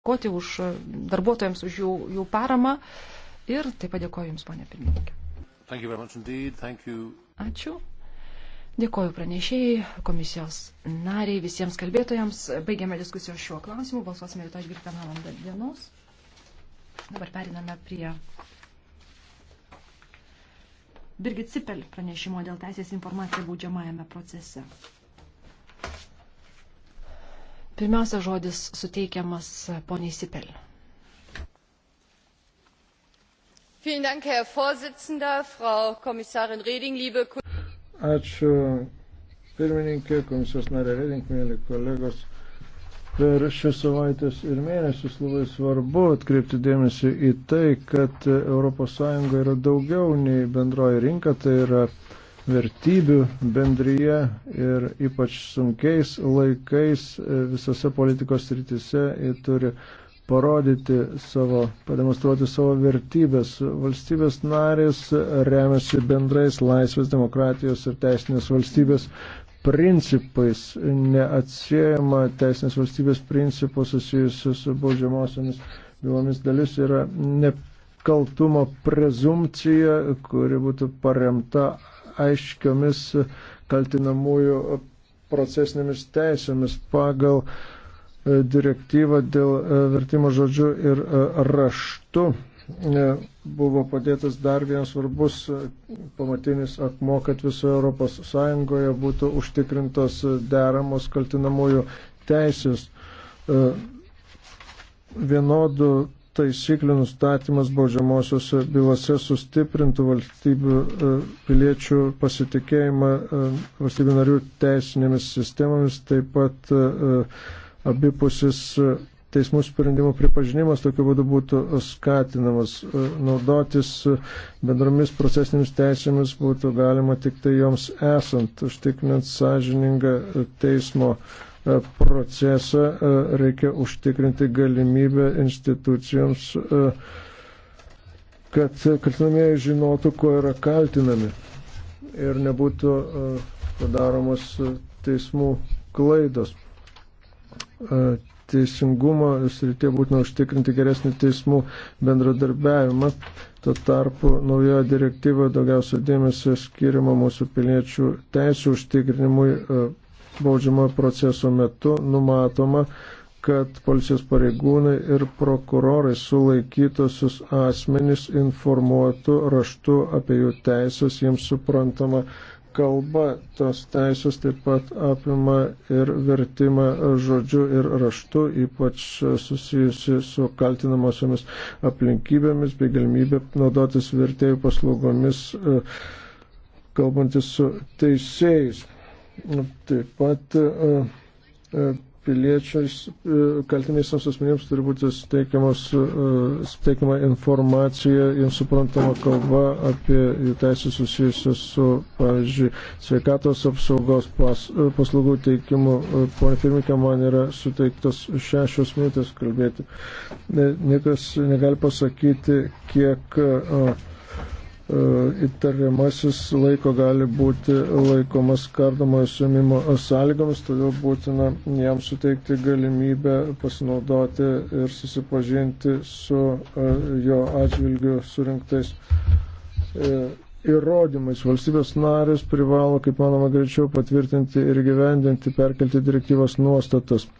dėkoti už e, darbuotojams, už jų, jų paramą ir taip pat dėkoju Jums, ponė pirmininkė. Ačiū. Dėkoju pranešėjai, komisijos nariai, visiems kalbėtojams. Baigiame diskusijos šiuo klausimu. Balsuosime rytoj 12 val. dienos. Dabar periname prie Birgit Cipel pranešimo dėl teisės informaciją baudžiamajame procese. Pirmiausia, žodis suteikiamas poniai Sipel. Ačiū pirmininkė, komisijos narė Reding, mėly kolegos. Per šias savaitės ir mėnesius labai svarbu atkreipti dėmesį į tai, kad ES yra daugiau nei bendroji rinka, tai yra uh, vertybių bendryje ir ypač sunkiais laikais e, visose politikos rytise turi parodyti savo, pademonstruoti savo vertybės. Valstybės narės remiasi bendrais laisvės, demokratijos ir teisinės valstybės principais, neatsiejama teisinės valstybės principų susijusių su baudžiamosiomis bylomis dalis yra nekaltumo prezumcija, kuri būtų paremta aiškiomis kaltinamųjų procesinėmis teisėmis pagal e, direktyvą dėl e, vertimo žodžiu ir e, raštu buvo padėtas dar vienas svarbus pamatinis akmo, kad visoje ES būtų užtikrintos deramos kaltinamųjų teisės vienodų taisyklių nustatymas baudžiamosiose bylose sustiprintų valstybių e, piliečių pasitikėjimą e, valstybių narių teisinėmis sistemomis, taip pat e, abipusis teismų sprendimų pripažinimas tokiu būdu būtų skatinamas. Naudotis bendromis procesinėmis teisėmis būtų galima tik tai joms esant, užtikrinant sąžiningą teismo E, procesą e, reikia užtikrinti galimybę institucijoms, e, kad kaltinamieji žinotų, kuo yra kaltinami ir nebūtų padaromos teismų klaidos. Teisingumo srityje būtina užtikrinti geresnį teismų bendradarbiavimą. Tuo tarpu naujoje direktyvoje daugiausia dėmesio skiriama mūsų piliečių teisų užtikrinimui baudžiamojo proceso metu numatoma, kad policijos pareigūnai ir prokurorai sulaikytosius asmenys informuotų raštu apie jų teisės jiems suprantama kalba. Tos teisės taip pat apima ir vertimą žodžiu ir raštu, ypač susijusi su kaltinamosiomis aplinkybėmis bei galimybė naudotis vertėjų paslaugomis e, kalbantis su teisėjais. Nu, taip pat e, e, piliečiais e, kaltiniais asmenims turi būti suteikiama informacija, jiems suprantama kalba apie jų teisės susijusios su, pavyzdžiui, sveikatos apsaugos pas, paslaugų teikimu. Pone Firmikė, man yra suteiktas šešios minutės kalbėti. Niekas negali pasakyti, kiek. Uh, E, įtariamasis laiko gali būti laikomas kardomojo suimimo sąlygomis, todėl būtina jam suteikti galimybę pasinaudoti ir susipažinti su e, jo atžvilgiu surinktais e, įrodymais. Valstybės narės privalo, kaip manoma, greičiau patvirtinti ir gyvendinti perkelti direktyvos nuostatas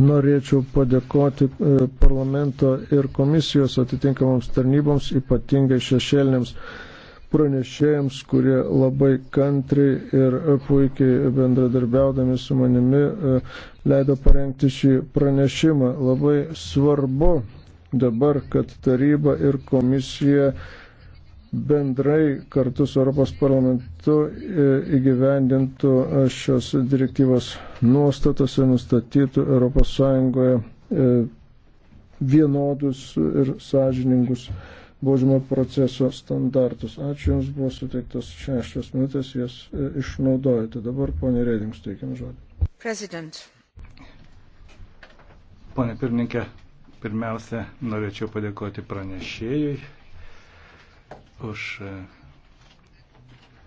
norėčiau padėkoti e, parlamento ir komisijos atitinkamoms tarnyboms, ypatingai šešėlėms pranešėjams, kurie labai kantriai ir puikiai bendradarbiaudami su manimi e, leido parengti šį pranešimą. Labai svarbu dabar, kad taryba ir komisija bendrai kartu su Europos parlamentu e, įgyvendintų e, šios direktyvos nuostatas ir nustatytų ES e, vienodus ir sąžiningus baudžiamo proceso standartus. Ačiū Jums buvo suteiktas šešios minutės, jas išnaudojate. Dabar ponė Reidings teikiam žodį. President. Pone pirmininkė, pirmiausia, norėčiau padėkoti pranešėjui už e,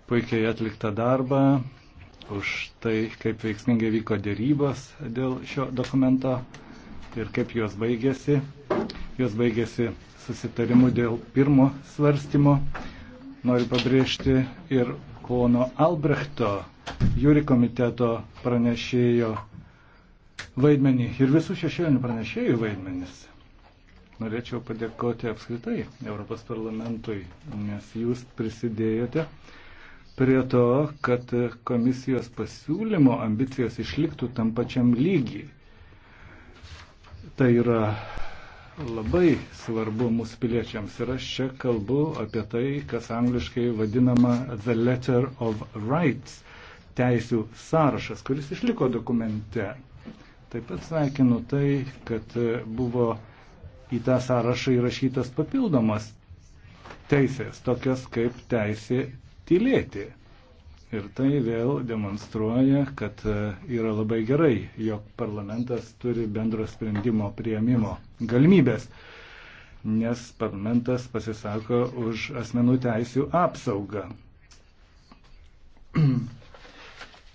puikiai atliktą darbą, už tai, kaip veiksmingai vyko dėrybos dėl šio dokumento ir kaip juos baigėsi. Jos baigėsi susitarimu dėl pirmo svarstymo. Noriu pabrėžti ir pono Albrechto jūri komiteto pranešėjo vaidmenį ir visų šešėlinių pranešėjų vaidmenis. Norėčiau padėkoti apskritai Europos parlamentui, nes jūs prisidėjote prie to, kad komisijos pasiūlymo ambicijos išliktų tam pačiam lygiai. Tai yra labai svarbu mūsų piliečiams ir aš čia kalbu apie tai, kas angliškai vadinama The Letter of Rights teisių sąrašas, kuris išliko dokumente. Taip pat sveikinu tai, kad buvo į tą sąrašą įrašytas papildomas teisės, tokias kaip teisė tylėti. Ir tai vėl demonstruoja, kad e, yra labai gerai, jog parlamentas turi bendro sprendimo prieimimo galimybės, nes parlamentas pasisako už asmenų teisių apsaugą.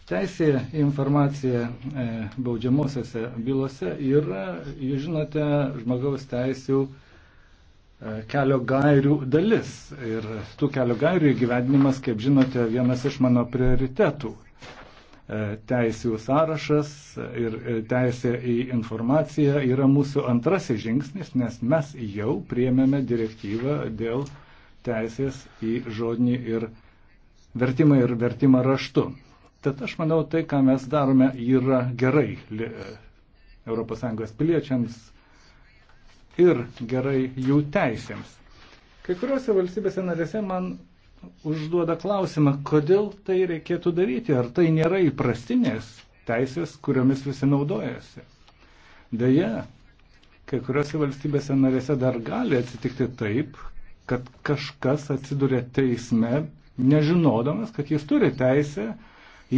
Teisė informacija e, baudžiamosiose bylose yra, jūs žinote, žmogaus teisų e, kelio gairių dalis. Ir tų kelio gairių įgyvendinimas, kaip žinote, vienas iš mano prioritetų. E, teisų sąrašas ir teisė į informaciją yra mūsų antrasis žingsnis, nes mes jau priemėme direktyvą dėl teisės į žodinį ir vertimą ir vertimą raštu. Tad aš manau, tai, ką mes darome, yra gerai ES piliečiams ir gerai jų teisėms. Kai kuriuose valstybėse narėse man užduoda klausimą, kodėl tai reikėtų daryti, ar tai nėra įprastinės teisės, kuriomis visi naudojasi. Deja, kai kuriuose valstybėse narėse dar gali atsitikti taip, kad kažkas atsiduria teisme, nežinodamas, kad jis turi teisę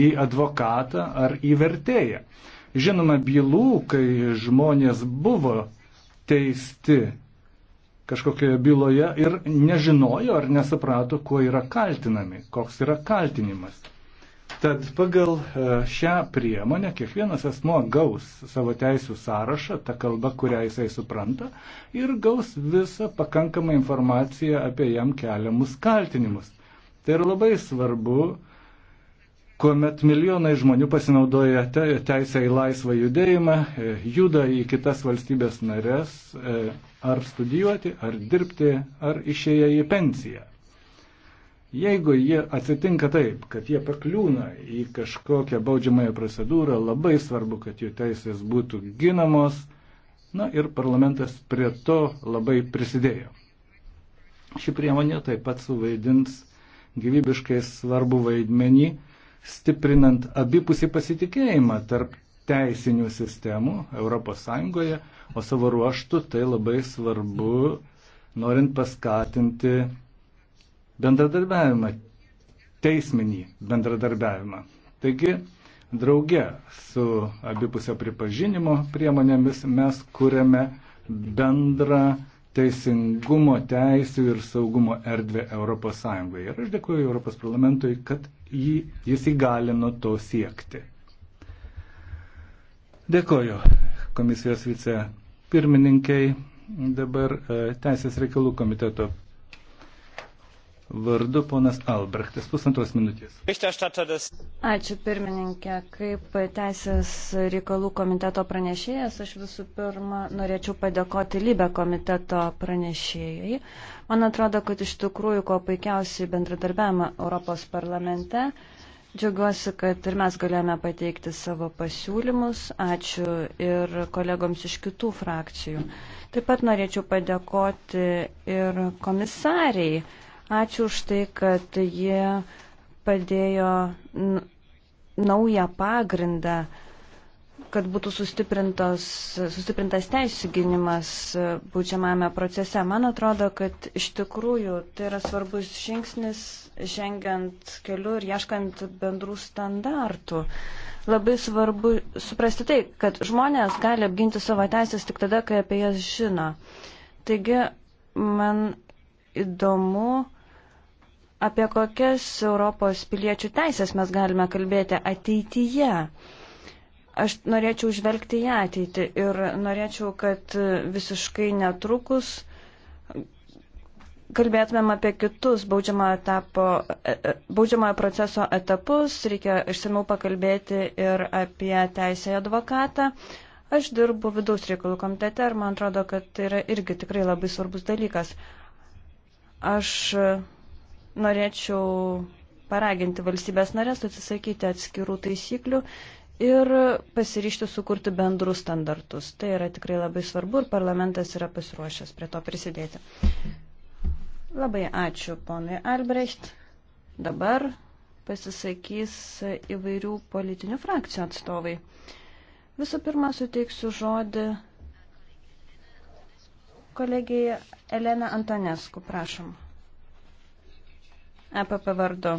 į advokatą ar į vertėją. Žinoma, bylų, kai žmonės buvo teisti kažkokioje byloje ir nežinojo ar nesuprato, kuo yra kaltinami, koks yra kaltinimas. Tad pagal e, šią priemonę kiekvienas asmo gaus savo teisų sąrašą, tą kalbą, kurią jisai supranta, ir gaus visą pakankamą informaciją apie jam keliamus kaltinimus. Tai yra labai svarbu, kuomet milijonai žmonių pasinaudoja teisę į laisvą judėjimą, e, juda į kitas valstybės narės e, ar studijuoti, ar dirbti, ar išėję į pensiją. Jeigu jie atsitinka taip, kad jie pakliūna į kažkokią baudžiamąją procedūrą, labai svarbu, kad jų teisės būtų ginamos. Na ir parlamentas prie to labai prisidėjo. Ši priemonė taip pat suvaidins gyvybiškai svarbu vaidmenį stiprinant abipusį pasitikėjimą tarp teisinių sistemų ES, o savo ruoštų tai labai svarbu, norint paskatinti bendradarbiavimą, teisminį bendradarbiavimą. Taigi, drauge su abipusio pripažinimo priemonėmis mes kuriame bendrą teisingumo, teisų ir saugumo erdvę Europos Sąjungoje. Ir aš dėkuoju Europos parlamentui, kad jį, jis įgalino to siekti. Dėkoju komisijos vicepirmininkai. Dabar e, Teisės reikalų komiteto vardu ponas Albrechtas, pusantros minutės. Ačiū pirmininkė. Kaip Teisės reikalų komiteto pranešėjas, aš visų pirma norėčiau padėkoti Libę komiteto pranešėjai. Man atrodo, kad iš tikrųjų ko puikiausiai bendradarbiavimą Europos parlamente. Džiaugiuosi, kad ir mes galėjome pateikti savo pasiūlymus. Ačiū ir kolegoms iš kitų frakcijų. Taip pat norėčiau padėkoti ir komisariai Ačiū už tai, kad jie padėjo naują pagrindą, kad būtų sustiprintas teisų gynimas būčiamame procese. Man atrodo, kad iš tikrųjų tai yra svarbus žingsnis žengiant keliu ir ieškant bendrų standartų. Labai svarbu suprasti tai, kad žmonės gali apginti savo teisės tik tada, kai apie jas žino. Taigi, man įdomu, apie kokias Europos piliečių teisės mes galime kalbėti ateityje. Aš norėčiau žvelgti į ateitį ir norėčiau, kad visiškai netrukus kalbėtumėm apie kitus baudžiamojo, etapo, e, e, baudžiamojo proceso etapus. Reikia išsamiau pakalbėti ir apie teisę į advokatą. Aš dirbu vidaus reikalų komitete ir man atrodo, kad tai yra irgi tikrai labai svarbus dalykas. Aš norėčiau paraginti valstybės narės atsisakyti atskirų taisyklių ir pasiryšti sukurti bendrus standartus. Tai yra tikrai labai svarbu ir parlamentas yra pasiruošęs prie to prisidėti. Labai ačiū ponui Albrecht. Dabar pasisakys įvairių politinių frakcijų atstovai. Visų pirma, suteiksiu žodį kolegijai Elena Antonesku, prašom. EPP vardu.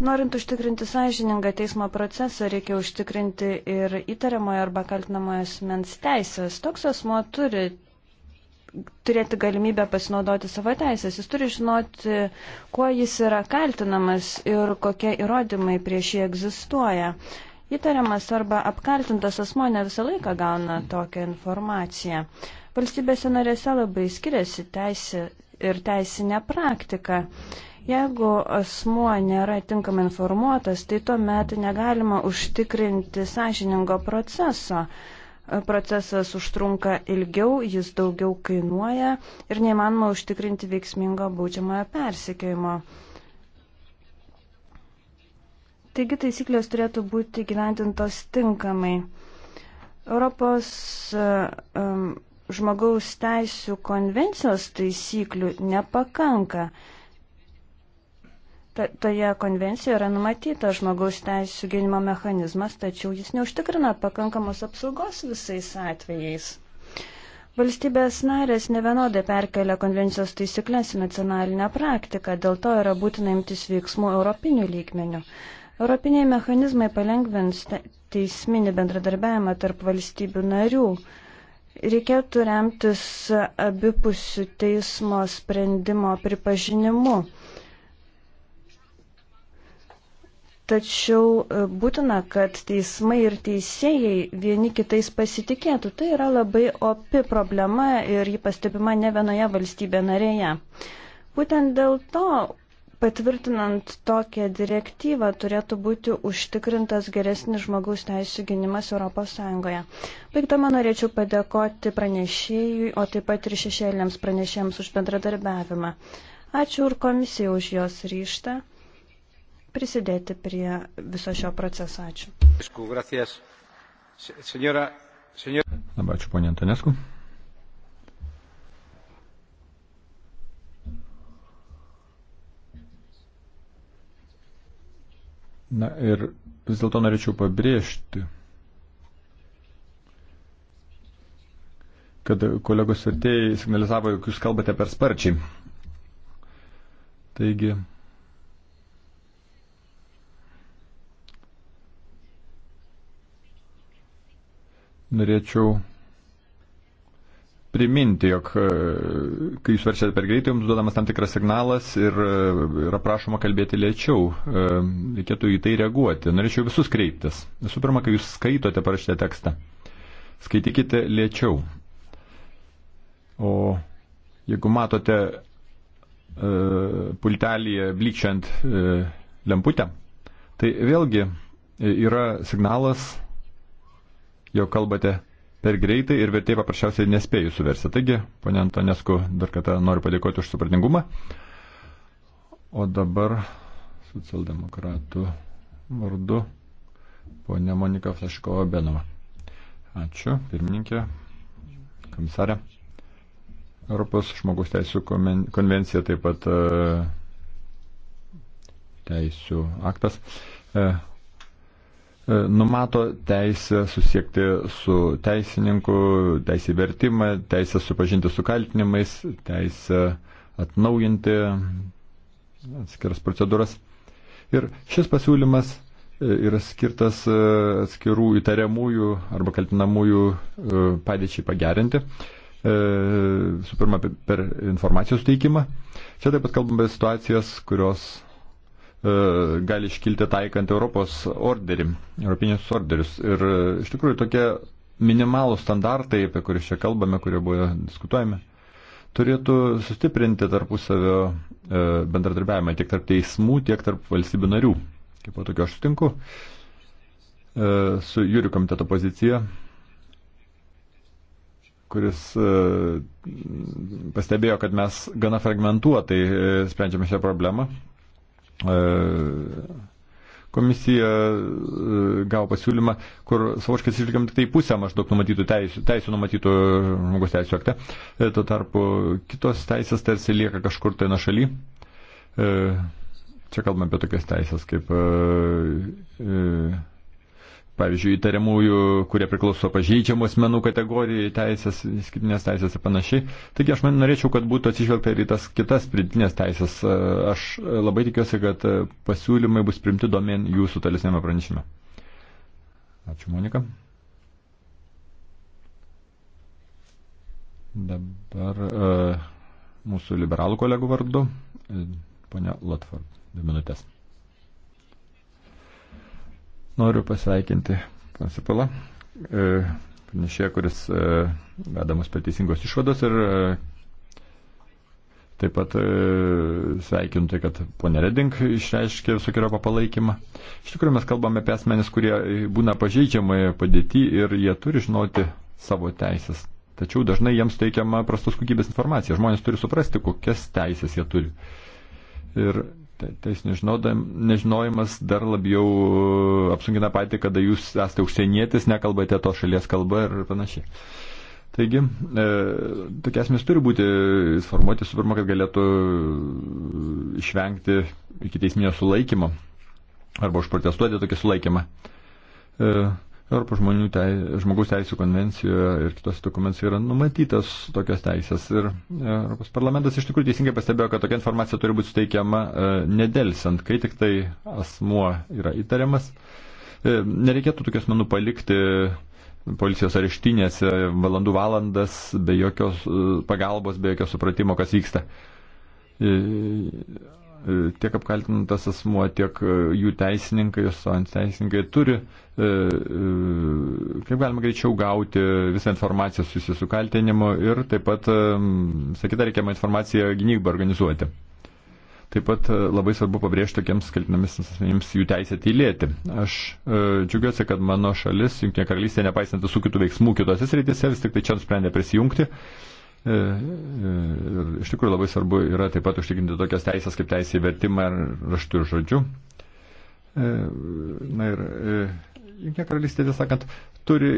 Norint užtikrinti sąžiningą teismo procesą, reikia užtikrinti ir įtariamojo arba kaltinamojo asmens teisės. Toks asmo turi turėti galimybę pasinaudoti savo teisės. Jis turi žinoti, kuo jis yra kaltinamas ir kokie įrodymai prieš jį egzistuoja. Įtariamas arba apkaltintas asmo ne visą laiką gauna tokią informaciją. Valstybėse narėse labai skiriasi teisė ir teisinė praktika. Jeigu asmuo nėra tinkamai informuotas, tai tuomet negalima užtikrinti sąžiningo proceso. Procesas užtrunka ilgiau, jis daugiau kainuoja ir neįmanoma užtikrinti veiksmingo būdžiamojo persikėjimo. Taigi taisyklės turėtų būti gyventintos tinkamai. Europos um, žmogaus teisų konvencijos taisyklių nepakanka. Ta, toje konvencijoje yra numatyta žmogaus teisų gynimo mechanizmas, tačiau jis neužtikrina pakankamos apsaugos visais atvejais. Valstybės narės nevienodai perkelia konvencijos taisyklės į nacionalinę praktiką, dėl to yra būtina imtis veiksmų europinių lygmenių. Europiniai mechanizmai palengvins teisminį bendradarbiavimą tarp valstybių narių. Reikėtų remtis abipusių teismo sprendimo pripažinimu. Tačiau e, būtina, kad teismai ir teisėjai vieni kitais pasitikėtų. Tai yra labai opi problema ir ji pastebima ne vienoje valstybė narėje. Būtent dėl to Patvirtinant tokią direktyvą turėtų būti užtikrintas geresnis žmogaus teisų gynimas ES. Baigdama norėčiau padėkoti pranešėjui, o taip pat ir šešėliams pranešėjams už bendradarbiavimą. Ačiū ir komisijai už jos ryštą prisidėti prie viso šio proceso. Ačiū. Ačiū, ponė Antonesku. Na ir vis dėlto norėčiau pabrėžti, kad kolegos vertėjai signalizavo, jog jūs kalbate per sparčiai. Taigi. Norėčiau priminti, jog e, kai jūs verčiate per greitai, jums duodamas tam tikras signalas ir e, yra prašoma kalbėti lėčiau. E, reikėtų į tai reaguoti. Norėčiau visus kreiptis. Visų pirma, kai jūs skaitote parašytą tekstą, skaitykite lėčiau. O jeigu matote e, pultelį blikčiant e, lemputę, tai vėlgi yra signalas, jog kalbate per greitai ir vertė paprasčiausiai nespėjų suversti. Taigi, ponė Antonesku, dar kartą noriu padėkoti už supratingumą. O dabar socialdemokratų vardu ponė Monika Flaškova Benova. Ačiū, pirmininkė, komisarė. Europos žmogaus teisų konvencija taip pat e, teisų aktas e, E, numato teisę susiekti su teisininku, teisę į vertimą, teisę supažinti su kaltinimais, teisę atnaujinti atskiras procedūras. Ir šis pasiūlymas e, yra skirtas e, atskirų įtariamųjų arba kaltinamųjų padėčiai pagerinti. Visų pirma, per informacijos teikimą. Čia taip pat kalbame apie situacijas, kurios E, gali iškilti taikant Europos orderį, Europinius orderius. Ir e, iš tikrųjų tokie minimalų standartai, apie kuriuos čia kalbame, kurie buvo diskutuojami, turėtų sustiprinti tarpusavio e, bendradarbiavimą tiek tarp teismų, tiek tarp valstybių narių. Kaip po tokio aš sutinku su Jūrių komiteto pozicija, kuris pastebėjo, kad mes gana fragmentuotai sprendžiame šią problemą E, komisija e, gavo pasiūlymą, kur savoškai atsižvelgiam tik tai pusę maždaug numatytų teisų, teisų numatytų žmogus teisų akte. E, tuo tarpu kitos teisės tarsi lieka kažkur tai na šaly. Čia kalbame apie tokias teisės kaip pavyzdžiui, įtariamųjų, kurie priklauso pažeidžiamų asmenų kategorijai, teisės, skirtinės teisės ir panašiai. Taigi aš man norėčiau, kad būtų atsižvelgta ir į tas kitas pridinės teisės. Aš labai tikiuosi, kad pasiūlymai bus primti domen jūsų tolesnėme pranešime. Ačiū, Monika. Dabar e, mūsų liberalų kolegų vardu, e, ponia Latvard, dvi minutės. Noriu pasveikinti Pansipalą, e, pranešėją, kuris e, vedamas prie teisingos išvados ir e, taip pat sveikinu tai, kad ponė Reding išreiškė visokiojo palaikymą. Iš tikrųjų mes kalbame apie asmenis, kurie būna pažeidžiamai padėti ir jie turi žinoti savo teisės. Tačiau dažnai jiems teikiama prastos kokybės informacija. Žmonės turi suprasti, kokias teisės jie turi. Ir Teisų nežinojimas dar labiau uh, apsunkina patį, kada jūs esate užsienietis, nekalbate to šalies kalbą ir panašiai. Taigi, e, tokie asmenys turi būti informuoti, su pirma, kad galėtų uh, išvengti iki teisminio sulaikymo arba užprotestuoti tokį sulaikymą. E, Europos žmonių teis, žmogaus teisų konvencijoje ir kitose dokumentuose yra numatytas tokios teisės. Ir e, Europos parlamentas iš tikrųjų teisingai pastebėjo, kad tokia informacija turi būti suteikiama e, nedelsiant, kai tik tai asmuo yra įtariamas. E, nereikėtų tokios menų palikti policijos areštinėse valandų valandas, be jokios pagalbos, be jokios supratimo, kas vyksta E, tiek apkaltintas asmuo, tiek e, jų teisininkai, stojant teisininkai turi, e, kaip galima greičiau, gauti visą informaciją susijusią su kaltinimu ir taip pat, sakytą, reikiamą informaciją gynybą organizuoti. Taip pat labai svarbu pabrėžti tokiems kaltinamis asmenims jų teisę tylėti. Aš e, džiugiuosi, kad mano šalis, Junktinė karalystė, nepaisant visų kitų veiksmų kitose srityse, vis tik tai čia nusprendė prisijungti. E, E, e, ir iš tikrųjų labai svarbu yra taip pat užtikrinti tokias teisės kaip teisė į vertimą ir raštų ir žodžių. E, na ir Junkinė karalystė, tiesą sakant, turi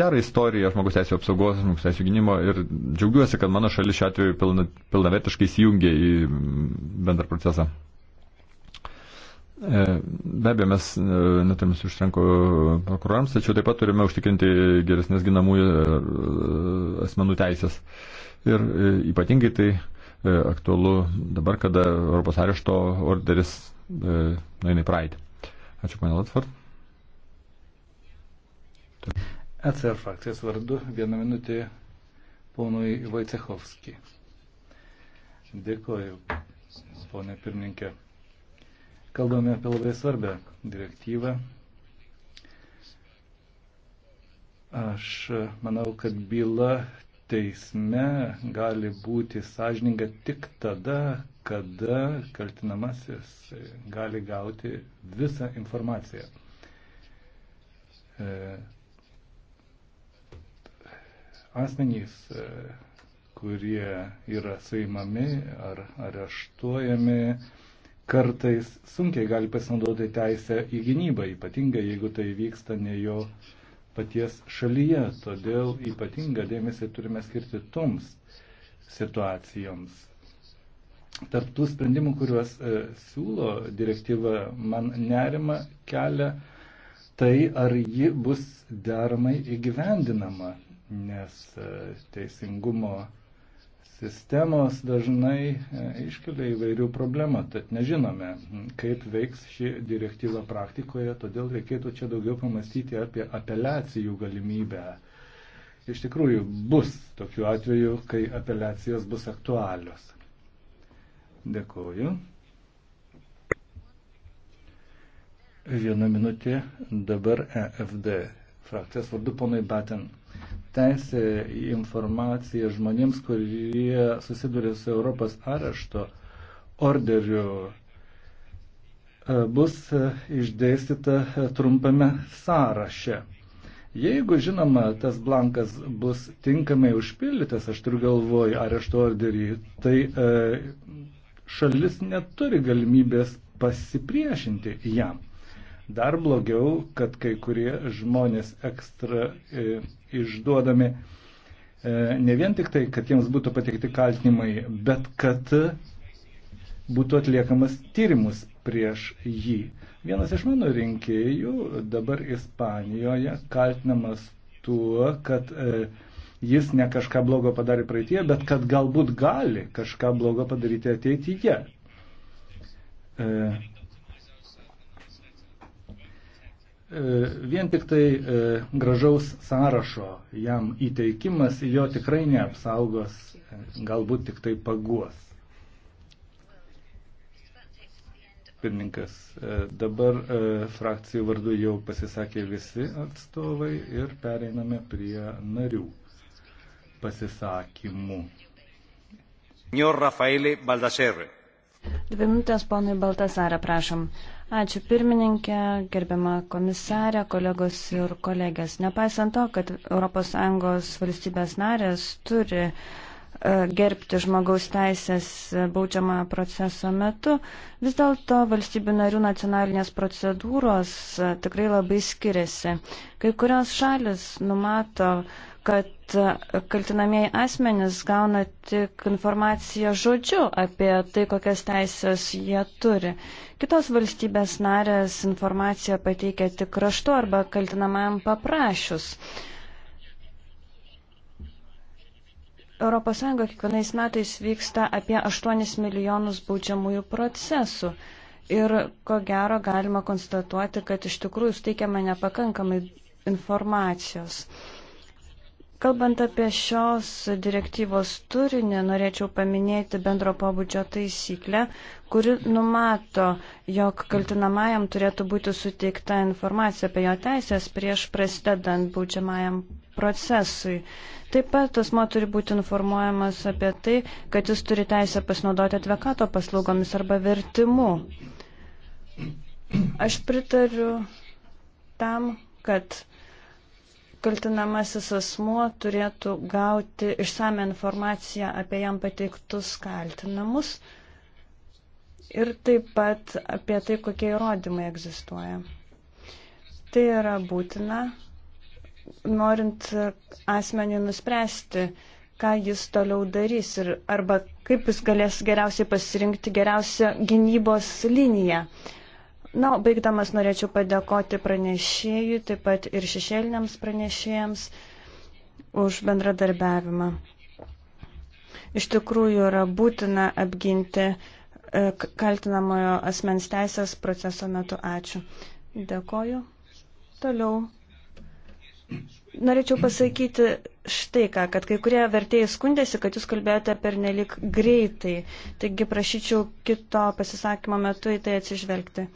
gerą istoriją žmogus teisų apsaugos, žmogus teisų gynimo ir džiaugiuosi, kad mano šalis šiuo atveju pilna, pilnavetiškai įsijungia į bendrą procesą. E, be abejo, mes e, neturime užtrenkų prokurorams, tačiau taip pat turime užtikrinti geresnės ginamųjų e, asmenų teisės. Ir ypatingai tai aktualu dabar, kada Europos arešto orderis nueina į praeitį. Ačiū, pane Latford. ECR frakcijos vardu vieną minutį ponui Vaicehovskijai. Dėkoju, ponė pirmininkė. Kalbame apie labai svarbę direktyvą. Aš manau, kad byla teisme gali būti sąžininga tik tada, kada kaltinamasis gali gauti visą informaciją. E, asmenys, e, kurie yra suimami ar areštuojami, kartais sunkiai gali pasinaudoti teisę į gynybą, ypatingai jeigu tai vyksta ne jo paties šalyje. Todėl ypatingą dėmesį turime skirti toms situacijoms. Tarptų sprendimų, kuriuos e, siūlo direktyva, man nerima kelia tai, ar ji bus deramai įgyvendinama, nes e, teisingumo sistemos dažnai e, iškelia įvairių problemų, tad nežinome, kaip veiks ši direktyva praktikoje, todėl reikėtų čia daugiau pamastyti apie apeliacijų galimybę. Iš tikrųjų, bus tokių atvejų, kai apeliacijos bus aktualios. Dėkuoju. Viena minutė dabar EFD frakcijos vardu ponai Baten teisė į informaciją žmonėms, kurie susiduria su Europos arešto orderiu, e, bus e, išdėstyta e, trumpame sąraše. Jeigu, žinoma, tas blankas bus tinkamai užpildytas, aš turiu galvoj arešto orderį, tai šalis neturi galimybės pasipriešinti jam. Dar blogiau, kad kai kurie žmonės ekstra e, išduodami e, ne vien tik tai, kad jiems būtų pateikti kaltinimai, bet kad būtų atliekamas tyrimus prieš jį. Vienas iš mano rinkėjų dabar Ispanijoje kaltinamas tuo, kad e, jis ne kažką blogo padarė praeitie, bet kad galbūt gali kažką blogo padaryti ateityje. E, E, vien tik tai e, gražaus sąrašo jam įteikimas jo tikrai neapsaugos, galbūt tik tai paguos. pirmininkas. E, dabar frakcijų vardu jau pasisakė visi atstovai ir pereiname prie narių pasisakymų. Dvi minutės ponui Baltasarą prašom. Ačiū pirmininkė, gerbiama komisarė, kolegos ir kolegės. Nepaisant to, kad ES valstybės narės turi e, gerbti žmogaus teisės baudžiamą proceso metu, vis dėlto valstybių narių nacionalinės procedūros e, tikrai labai skiriasi. Kai kurios šalis numato kad kaltinamieji asmenys gauna tik informaciją žodžiu apie tai, kokias teisės jie turi. Kitos valstybės narės informaciją pateikia tik raštu arba kaltinamajam paprašius. ES kiekvienais metais vyksta apie 8 milijonus baudžiamųjų procesų. Ir ko gero galima konstatuoti, kad iš tikrųjų steikiama nepakankamai informacijos. Uh, Kalbant apie šios direktyvos turinį, norėčiau paminėti bendro pobūdžio taisyklę, kuri numato, jog kaltinamajam turėtų būti suteikta informacija apie jo teisės prieš prasidedant baudžiamajam procesui. Taip pat asmo turi būti informuojamas apie tai, kad jis turi teisę pasinaudoti advokato paslaugomis arba vertimu. Aš pritariu tam, kad kaltinamasis asmuo turėtų gauti išsame informaciją apie jam pateiktus kaltinamus ir taip pat apie tai, kokie įrodymai egzistuoja. Tai yra būtina, norint asmenį nuspręsti, ką jis toliau darys ir arba kaip jis galės geriausiai pasirinkti geriausią gynybos liniją. Na, baigdamas norėčiau padėkoti pranešėjui, taip pat ir šešėliniams pranešėjams už bendradarbiavimą. Iš tikrųjų yra būtina apginti e, kaltinamojo asmens teisės proceso metu. Ačiū. Dėkoju. Toliau. Norėčiau pasakyti štai ką, kad kai kurie vertėjai skundėsi, kad jūs kalbėjote per nelik greitai. Taigi prašyčiau kito pasisakymo metu į tai atsižvelgti.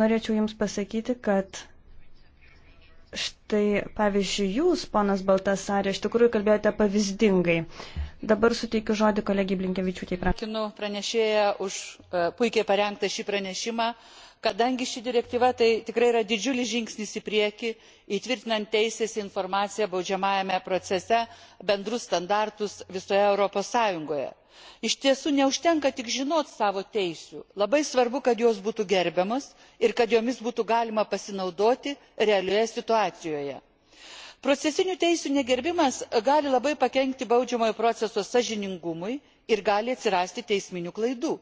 norėčiau Jums pasakyti, kad štai, pavyzdžiui, Jūs, ponas Baltasarė, iš tikrųjų kalbėjote pavyzdingai. Dabar suteikiu žodį kolegijai Blinkevičiūtė. Sveikinu pranešėją už e, puikiai parengtą šį pranešimą, kadangi ši direktyva tai tikrai yra didžiulis žingsnis į priekį, įtvirtinant teisės informaciją baudžiamajame procese bendrus standartus visoje Europos Sąjungoje iš tiesų neužtenka tik žinoti savo teisių labai svarbu kad jos būtų gerbiamos ir kad jomis būtų galima pasinaudoti realioje situacijoje. procesinių teisių negerbimas gali labai pakenkti baudžiamojo proceso sąžiningumui ir gali atsirasti teisminių klaidų.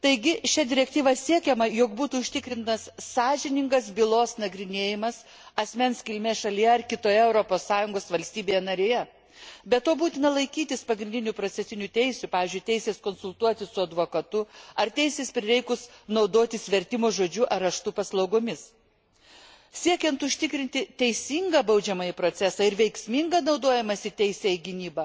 taigi šia direktyva siekiama jog būtų užtikrintas sąžiningas bylos nagrinėjimas asmens kilmės šalyje ar kitoje europos sąjungos valstybėje narėje be to būtina laikytis pagrindinių procesinių teisių pavyzdžiui teisės konsultuotis su advokatu ar teisės prireikus naudotis vertimo žodžiu ar raštu paslaugomis. siekiant užtikrinti teisingą baudžiamąjį procesą ir veiksmingą naudojimąsi teise į gynybą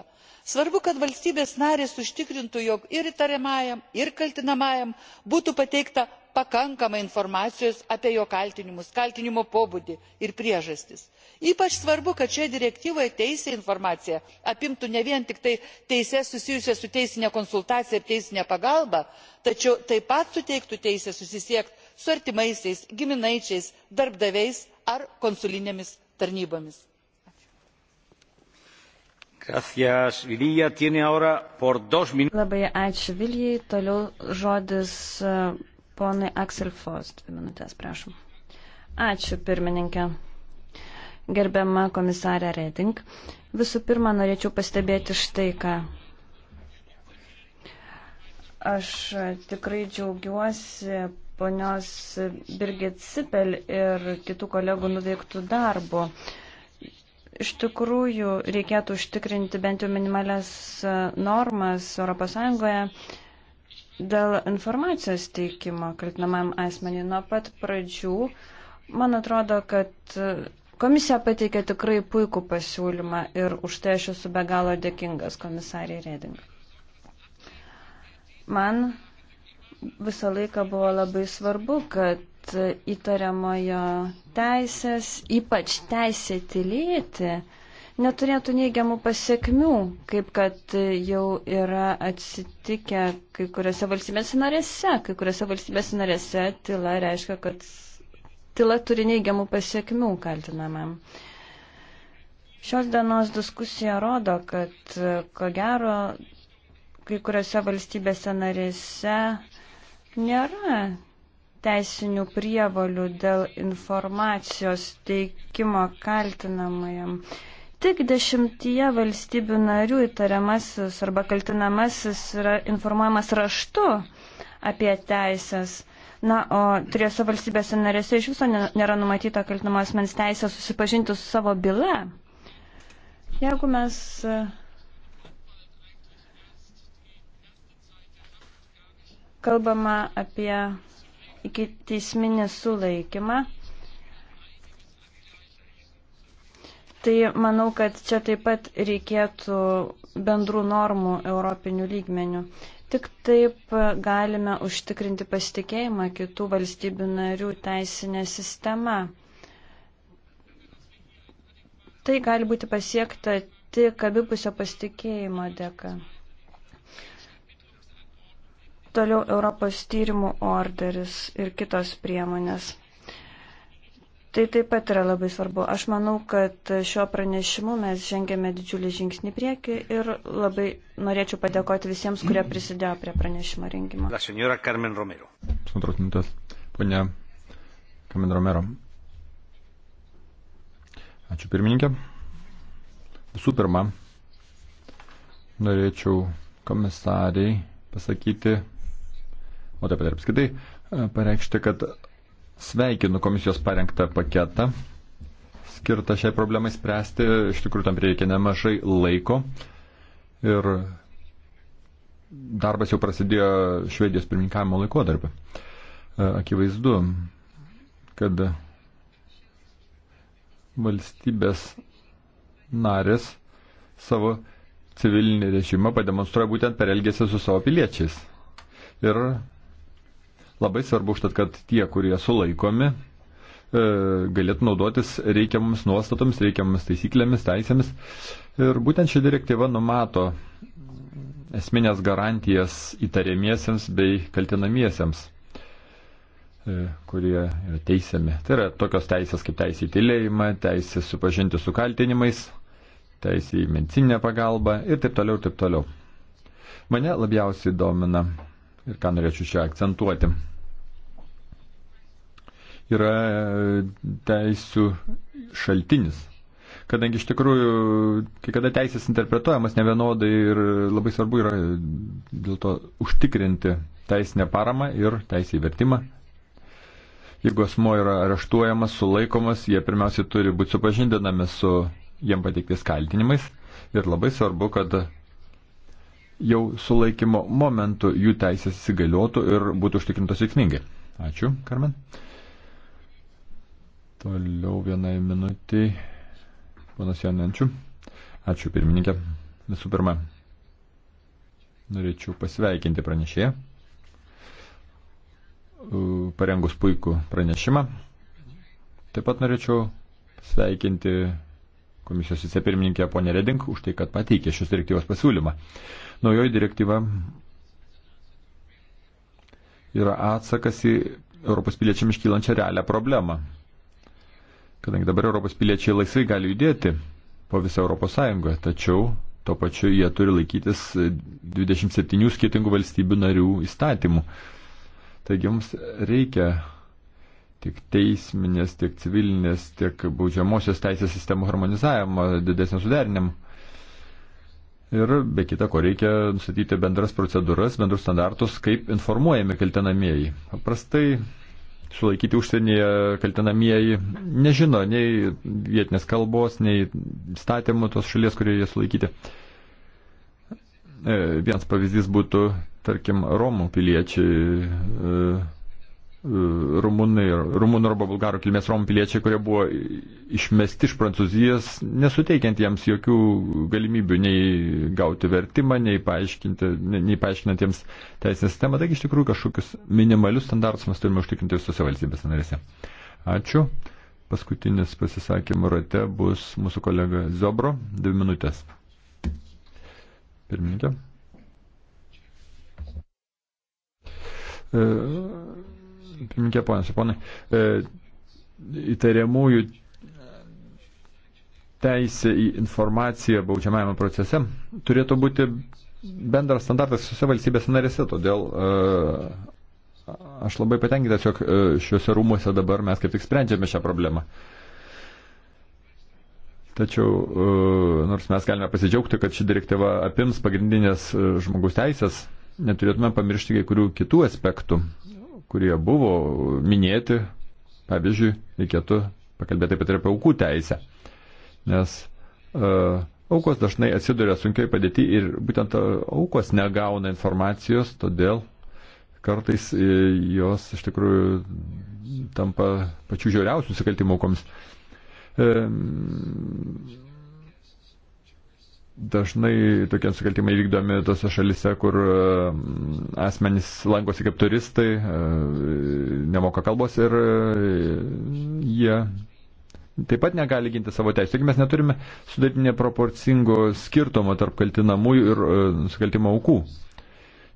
svarbu kad valstybės narės užtikrintų jog ir įtariamajam ir kaltinamajam būtų pateikta pakankamai informacijos apie jo kaltinimus kaltinimo pobūdį ir priežastis. ypač svarbu kad šioje direktyvoje teisė į informaciją apimtų ne vien tik tai teises susijusias su teisine konsultacija ir teisine pagalba tačiau taip pat suteiktų teisę susisiekti su artimaisiais giminaičiais darbdaviais ar konsulinėmis tarnybomis. labai ačiū vilijai. toliau žodis Ponai Aksel Fost, dvi minutės, prašom. Ačiū, pirmininkė. Gerbiama komisarė Reding. Visų pirma, norėčiau pastebėti štai ką. Aš tikrai džiaugiuosi ponios Birgit Sipel ir kitų kolegų nuveiktų darbų. Iš tikrųjų, reikėtų užtikrinti bent jau minimalias normas ES Dėl informacijos teikimo kaltinamam asmeniui nuo pat pradžių, man atrodo, kad komisija pateikė tikrai puikų pasiūlymą ir už tai aš esu be galo dėkingas komisarė Reding. Man visą laiką buvo labai svarbu, kad įtariamojo teisės, ypač teisė tylėti, neturėtų neigiamų pasiekmių, kaip kad jau yra atsitikę kai kuriuose valstybėse narėse. Kai kuriuose valstybėse narėse tyla reiškia, kad tyla turi neigiamų pasiekmių kaltinamam. Šios dienos diskusija rodo, kad ko gero kai kuriuose valstybėse narėse nėra teisinių prievalių dėl informacijos teikimo kaltinamajam. Tik dešimtyje valstybių narių įtariamasis arba kaltinamasis yra informuojamas raštu apie teisės. Na, o trijose valstybėse narėse iš viso nėra numatyta kaltinamo asmens teisė susipažinti su savo byla. Jeigu mes kalbama apie iki teisminį sulaikymą, Tai manau, kad čia taip pat reikėtų bendrų normų europinių lygmenių. Tik taip galime užtikrinti pasitikėjimą kitų valstybių narių teisinė sistema. Tai gali būti pasiekta tik abipusio pasitikėjimo dėka. Toliau Europos tyrimų orderis ir kitos priemonės. Tai taip pat yra labai svarbu. Aš manau, kad šiuo pranešimu mes žengėme didžiulį žingsnį priekį ir labai norėčiau padėkoti visiems, kurie prisidėjo prie pranešimo rengimo. La senjora Carmen Romero. Pusantros minutės. Pone Carmen Romero. Ačiū pirmininkė. Visų pirma, norėčiau komisariai pasakyti, o taip pat ir apskritai pareikšti, kad Sveikinu komisijos parengtą paketą, skirtą šiai problemai spręsti. Iš tikrųjų, tam reikia nemažai laiko. Ir darbas jau prasidėjo Švedijos pirmininkavimo laikotarpį. E, akivaizdu, kad valstybės narės savo civilinį režimą pademonstruoja būtent per elgesį su savo piliečiais. Ir Labai svarbu užtat, kad tie, kurie sulaikomi, e, galėtų naudotis reikiamams nuostatoms, reikiamams taisyklėmis, teisėmis. Ir būtent ši direktyva numato esminės garantijas įtariamiesiems bei kaltinamiesiems, e, kurie yra teisiami. Tai yra tokios teisės kaip teisė į tylėjimą, teisė supažinti su kaltinimais, teisė į medicinę pagalbą ir taip toliau, taip toliau. Mane labiausiai domina ir ką norėčiau čia akcentuoti yra teisų šaltinis. Kadangi iš tikrųjų, kai kada teisės interpretuojamas nevienodai ir labai svarbu yra dėl to užtikrinti teisinę paramą ir teisį įvertimą. Jeigu asmo yra areštuojamas, sulaikomas, jie pirmiausiai turi būti supažindinami su jiem pateiktais kaltinimais ir labai svarbu, kad jau sulaikymo momentu jų teisės įsigaliotų ir būtų užtikrintos veiksmingai. Ačiū, Karmen. Toliau vienai minutiai. Ponas Jonenčių. Ačiū pirmininkė. Visų pirma, norėčiau pasveikinti pranešėją. Parengus puikų pranešimą. Taip pat norėčiau sveikinti komisijos vicepirmininkė ponė Reding už tai, kad pateikė šios direktyvos pasiūlymą. Naujoji direktyva yra atsakas į Europos piliečiam iškylančią realią problemą kadangi dabar Europos piliečiai laisvai gali judėti po visą Europos Sąjungą, tačiau tuo pačiu jie turi laikytis 27 skirtingų valstybių narių įstatymų. Taigi mums reikia tiek teisminės, tiek civilinės, tiek baudžiamosios teisės sistemų harmonizavimo, didesnio suderinimo. Ir be kita ko reikia nustatyti bendras procedūras, bendrus standartus, kaip informuojami kaltinamieji. Paprastai sulaikyti užsienyje kaltinamieji nežino nei vietinės kalbos, nei statymų tos šalies, kurioje jie sulaikyti. E, vienas pavyzdys būtų, tarkim, Romų piliečiai e, rumunai, rumunų arba bulgarų kilmės romų piliečiai, kurie buvo išmesti iš Prancūzijos, nesuteikiant jiems jokių galimybių nei gauti vertimą, nei, nei paaiškinant jiems teisinę sistemą. Taigi iš tikrųjų kažkokius minimalius standartus mes turime užtikrinti visose valstybės narėse. Ačiū. Paskutinis pasisakymų rate bus mūsų kolega Zobro. Dvi minutės. Pirmininkė. E pirmininkė, ponas ir ponai, e, įtariamųjų teisė į informaciją baudžiamajame procese turėtų būti bendras standartas visose valstybės narėse, todėl e, aš labai patenkintas, jog e, šiuose rūmuose dabar mes kaip tik sprendžiame šią problemą. Tačiau, e, nors mes galime pasidžiaugti, kad ši direktyva apims pagrindinės e, žmogus teisės, neturėtume pamiršti kai kurių kitų aspektų kurie buvo minėti, pavyzdžiui, reikėtų pakalbėti taip pat ir apie aukų teisę. Nes uh, aukos dažnai atsiduria sunkiai padėti ir būtent e, aukos negauna informacijos, todėl kartais e, jos iš tikrųjų tampa pačių žiauriausių nusikaltimų aukoms. Uh, dažnai tokie nusikaltimai vykdomi tose šalise, kur e, asmenys lankosi kaip turistai, e, nemoka kalbos ir e, jie taip pat negali ginti savo teisų. Taigi mes neturime sudaryti neproporcingo skirtumo tarp kaltinamųjų ir nusikaltimo aukų.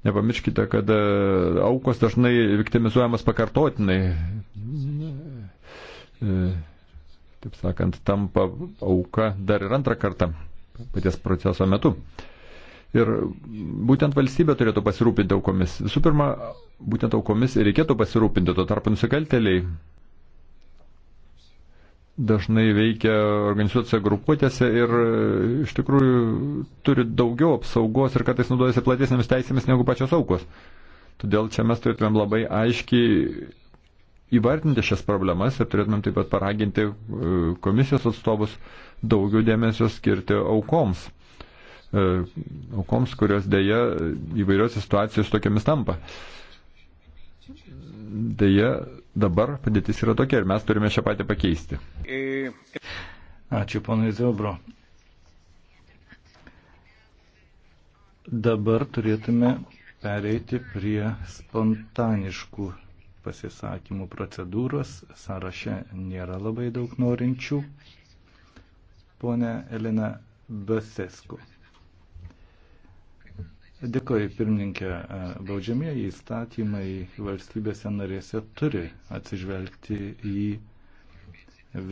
Nepamirškite, kad aukos dažnai viktimizuojamas pakartotinai. Taip sakant, tampa auka dar ir antrą kartą paties proceso metu. Ir būtent valstybė turėtų pasirūpinti aukomis. Visų pirma, būtent aukomis reikėtų pasirūpinti, tuo tarpu nusikalteliai dažnai veikia organizuotose grupuotėse ir e, iš tikrųjų turi daugiau apsaugos ir kartais naudojasi platesnėmis teisėmis negu pačios aukos. Todėl čia mes turėtumėm labai aiškiai įvardinti šias problemas ir turėtumėm taip pat paraginti e, komisijos atstovus daugiau dėmesio skirti aukoms. E, aukoms, kurios dėja įvairios situacijos tokiamis tampa. Dėja, dabar padėtis yra tokia ir mes turime šią patį pakeisti. Ačiū, ponai Zilbro. Dabar turėtume pereiti prie spontaniškų pasisakymų procedūros. Sąraše nėra labai daug norinčių. Pone Elena Basesku. Dėkoju, pirmininkė. Baudžiamieji įstatymai valstybėse narėse turi atsižvelgti į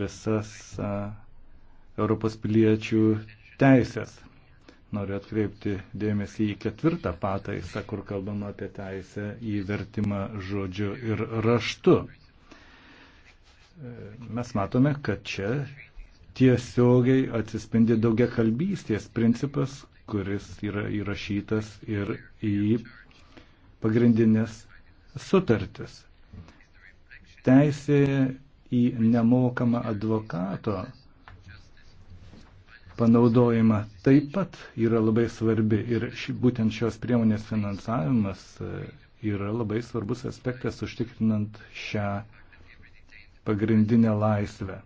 visas Europos piliečių teisės. Noriu atkreipti dėmesį į ketvirtą pataisą, kur kalbama apie teisę į vertimą žodžiu ir raštu. Mes matome, kad čia tiesiogiai atsispindi daugia kalbystės principas, kuris yra įrašytas ir į pagrindinės sutartis. Teisė į nemokamą advokato panaudojimą taip pat yra labai svarbi ir ši, būtent šios priemonės finansavimas e, yra labai svarbus aspektas užtikrinant šią pagrindinę laisvę.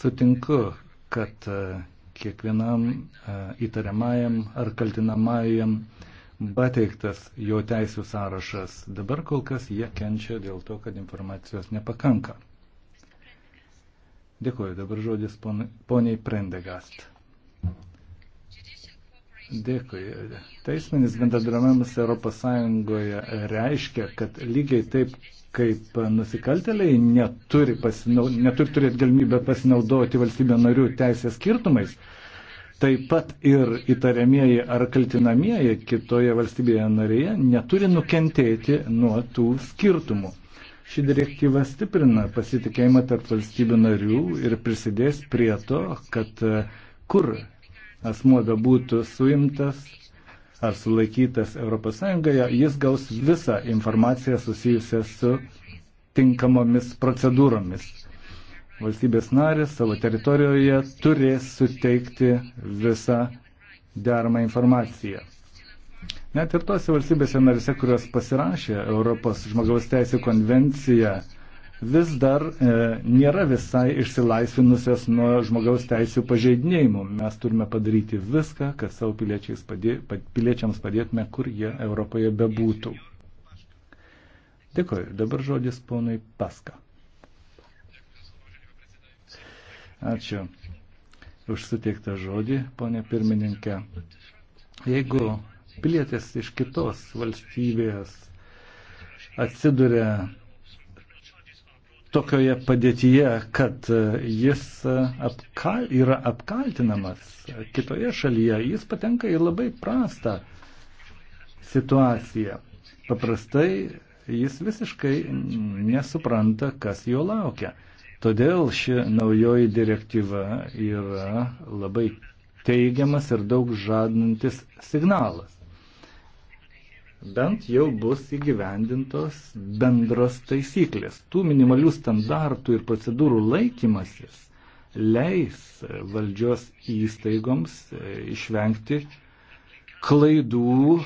Sutinku, kad e, kiekvienam e, įtariamajam ar kaltinamajam pateiktas jo teisų sąrašas. Dabar kol kas jie kenčia dėl to, kad informacijos nepakanka. Dėkuoju, dabar žodis poniai Prendegast. Dėkui. Teisminis bendradarbiavimas ES reiškia, kad lygiai taip kaip nusikalteliai neturi, pasinau, neturi turėti galimybę pasinaudoti valstybė narių teisės skirtumais, taip pat ir įtariamieji ar kaltinamieji kitoje valstybėje narėje neturi nukentėti nuo tų skirtumų. Ši direktyva stiprina pasitikėjimą tarp valstybių narių ir prisidės prie to, kad e, kur asmuo bebūtų suimtas ar sulaikytas ES, jis gaus visą informaciją susijusią su tinkamomis procedūromis. Valstybės narės savo teritorijoje turės suteikti visą deramą informaciją. Net ir tose valstybėse narise, kurios pasirašė Europos žmogaus teisų konvenciją, vis dar e, nėra visai išsilaisvinusios nuo žmogaus teisų pažeidinėjimų. Mes turime padaryti viską, kad savo padė, piliečiams padėtume, kur jie Europoje bebūtų. Dėkuoju. Dabar žodis ponui Paska. Ačiū už suteiktą žodį, ponė pirmininkė. Jeigu pilietis iš kitos valstybės atsiduria tokioje padėtyje, kad jis apka, yra apkaltinamas kitoje šalyje, jis patenka į labai prastą situaciją. Paprastai jis visiškai nesupranta, kas jo laukia. Todėl ši naujoji direktyva yra labai teigiamas ir daug žadantis signalas bent jau bus įgyvendintos bendros taisyklės. Tų minimalių standartų ir procedūrų laikymasis leis valdžios įstaigoms e, išvengti klaidų,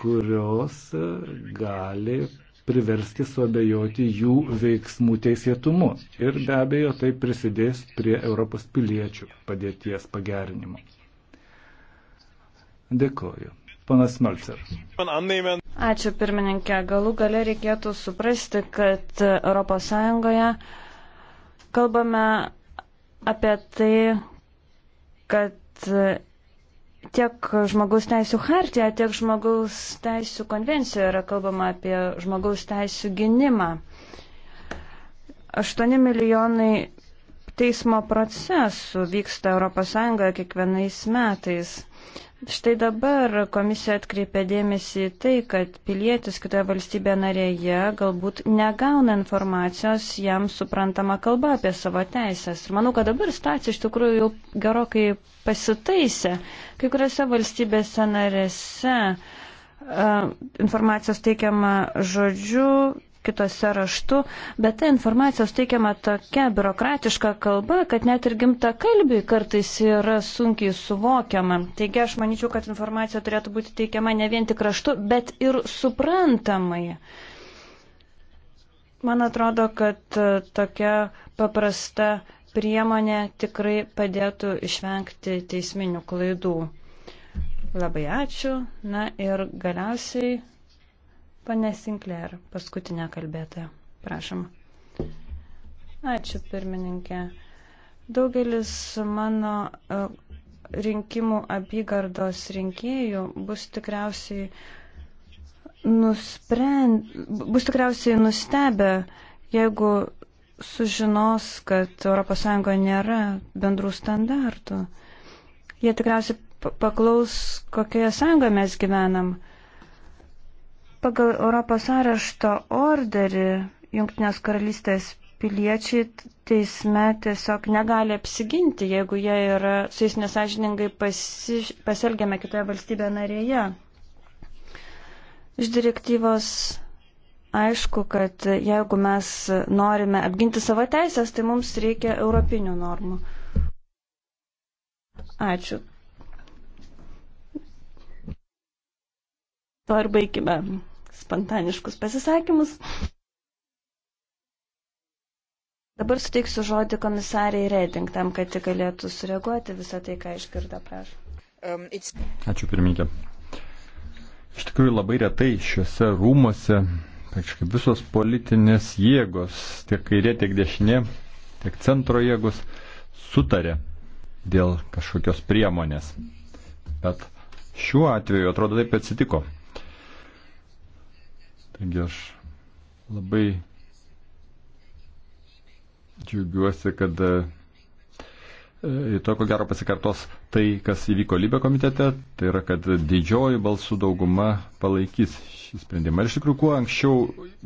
kurios e, gali priversti suabejoti jų veiksmų teisėtumu. Ir be abejo, tai prisidės prie Europos piliečių padėties pagerinimo. Dėkoju. Panas Melcer. Ačiū pirmininkė. Galų gale reikėtų suprasti, kad ES kalbame apie tai, kad tiek žmogaus teisų hartija, tiek žmogaus teisų konvencijoje yra kalbama apie žmogaus teisų gynimą. 8 milijonai teismo procesų vyksta ES kiekvienais metais. Štai dabar komisija atkreipė dėmesį į tai, kad pilietis kitoje valstybėje narėje galbūt negauna informacijos jam suprantama kalba apie savo teisės. Ir manau, kad dabar stacija iš tikrųjų jau gerokai pasitaisė. Kai kuriuose valstybėse narėse uh, informacijos teikiama žodžiu, kitose raštu, bet ta informacija suteikiama tokia biurokratiška kalba, kad net ir gimta kalbiai kartais yra sunkiai suvokiama. Taigi aš manyčiau, kad informacija turėtų būti teikiama ne vien tik raštu, bet ir suprantamai. Man atrodo, kad e, tokia paprasta priemonė tikrai padėtų išvengti teisminių klaidų. Labai ačiū. Na ir galiausiai Pane Sinclair, paskutinė kalbėtoja. Prašom. Ačiū, pirmininkė. Daugelis mano e, rinkimų apygardos rinkėjų bus tikriausiai, nusprend, bus tikriausiai nustebę, jeigu sužinos, kad ES nėra bendrų standartų. Jie tikriausiai paklaus, kokioje sąjungoje mes gyvenam. Pagal Europos arešto orderį Junktinės karalystės piliečiai teisme tiesiog negali apsiginti, jeigu jie yra su jais nesažiningai pasi, pasielgiame kitoje valstybėje narėje. Iš direktyvos aišku, kad jeigu mes norime apginti savo teisės, tai mums reikia europinių normų. Ačiū. To ir baigime spontaniškus pasisakymus. Dabar suteiksiu žodį komisariai Reding, tam, kad tik galėtų sureaguoti visą tai, ką išgirdo, prašau. Um, Ačiū pirmininkė. Iš tikrųjų labai retai šiuose rūmose praktiškai visos politinės jėgos, tiek kairė, tiek dešinė, tiek centro jėgos sutarė dėl kažkokios priemonės. Bet šiuo atveju atrodo taip atsitiko. Taigi aš labai džiaugiuosi, kad e, e, to ko gero pasikartos tai, kas įvyko Libė komitete, tai yra, kad didžioji balsų dauguma palaikys šį sprendimą. Ir iš tikrųjų, kuo anksčiau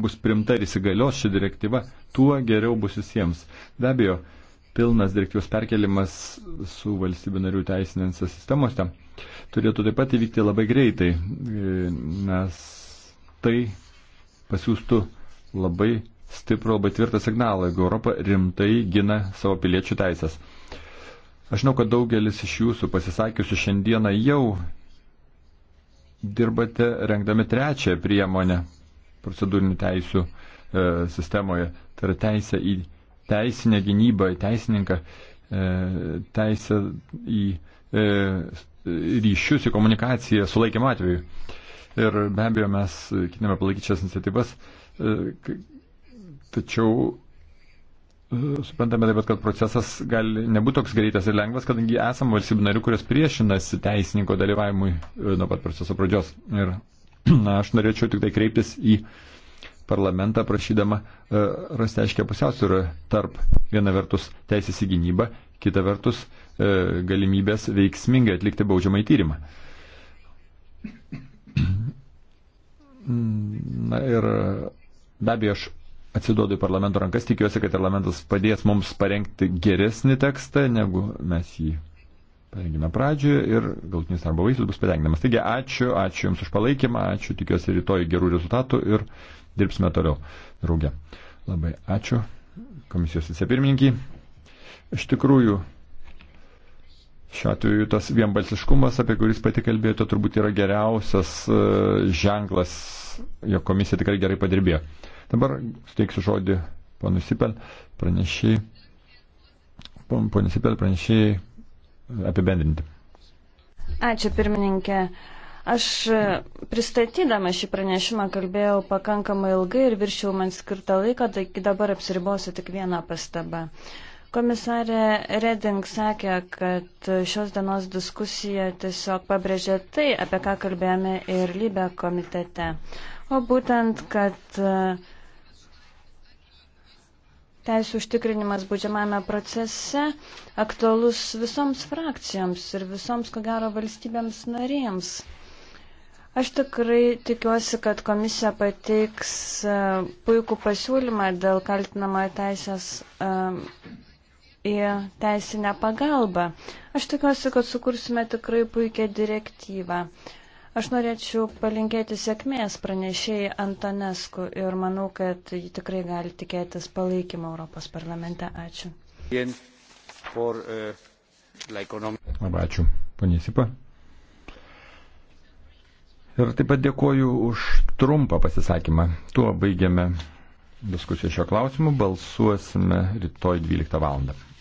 bus primta ir įsigalios ši direktyva, tuo geriau bus visiems. Be abejo, pilnas direktyvos perkelimas su valstybių narių teisinėse sistemose turėtų taip pat įvykti labai greitai, e, nes tai pasiūstų labai stiprų, labai tvirtą signalą, jeigu Europa rimtai gina savo piliečių teisės. Aš žinau, kad daugelis iš jūsų pasisakiusių šiandieną jau dirbate rengdami trečią priemonę procedūrinių teisių e, sistemoje. Tai yra teisė į teisinę gynybą, į teisininką, e, teisę į e, ryšius, į komunikaciją sulaikymą atveju. E, Ir be abejo, mes ketiname palaikyti šias iniciatyvas, e, tačiau e, suprantame taip pat, kad procesas gali nebūti toks greitas ir lengvas, kadangi esame valstybių narių, kurios priešinasi teisininko dalyvavimui e, nuo pat proceso pradžios. Ir na, aš norėčiau tik tai kreiptis į parlamentą prašydama rasti aiškę pusiausvyrą tarp viena vertus teisės į gynybą, kita vertus galimybės veiksmingai atlikti baudžiamą į tyrimą. Na ir be abejo, aš atsiduodu į parlamento rankas, tikiuosi, kad parlamentas padės mums parengti geresnį tekstą, negu mes jį parengėme pradžioje ir galtinis darbo vaisius bus patenkinamas. Taigi ačiū, ačiū Jums už palaikymą, ačiū, tikiuosi rytoj gerų rezultatų ir dirbsime toliau draugė. Labai ačiū komisijos vicepirmininkiai. Iš tikrųjų, Šiuo atveju tas vienbalsiškumas, apie kuris pati kalbėjote, turbūt yra geriausias e, ženklas, jo komisija tikrai gerai padirbėjo. Dabar suteiksiu žodį panu Sipel, pranešiai, panu Sipel pranešiai apibendrinti. Ačiū pirmininkė. Aš e, pristatydama šį pranešimą kalbėjau pakankamai ilgai ir viršiau man skirtą laiką, taigi dabar apsiribosiu tik vieną pastabą. Uh, Komisarė Reding sakė, kad šios dienos diskusija tiesiog pabrėžė tai, apie ką kalbėjome ir lybę komitete. O būtent, kad e, teisų užtikrinimas būdžiamame procese aktualus visoms frakcijoms ir visoms, ko gero, valstybėms narėms. Aš tikrai tikiuosi, kad komisija pateiks e, puikų pasiūlymą dėl kaltinamojo teisės e, į teisinę pagalbą. Aš tikiuosi, kad sukursime tikrai puikią direktyvą. Aš norėčiau palinkėti sėkmės pranešėjai Antonesku ir manau, kad ji tikrai gali tikėtis palaikymą Europos parlamente. Ačiū. Uh, Labai ačiū, ponė Sipa. Ir taip pat dėkoju už trumpą pasisakymą. Tuo baigiame diskusiją šio klausimu. Balsuosime rytoj 12 val.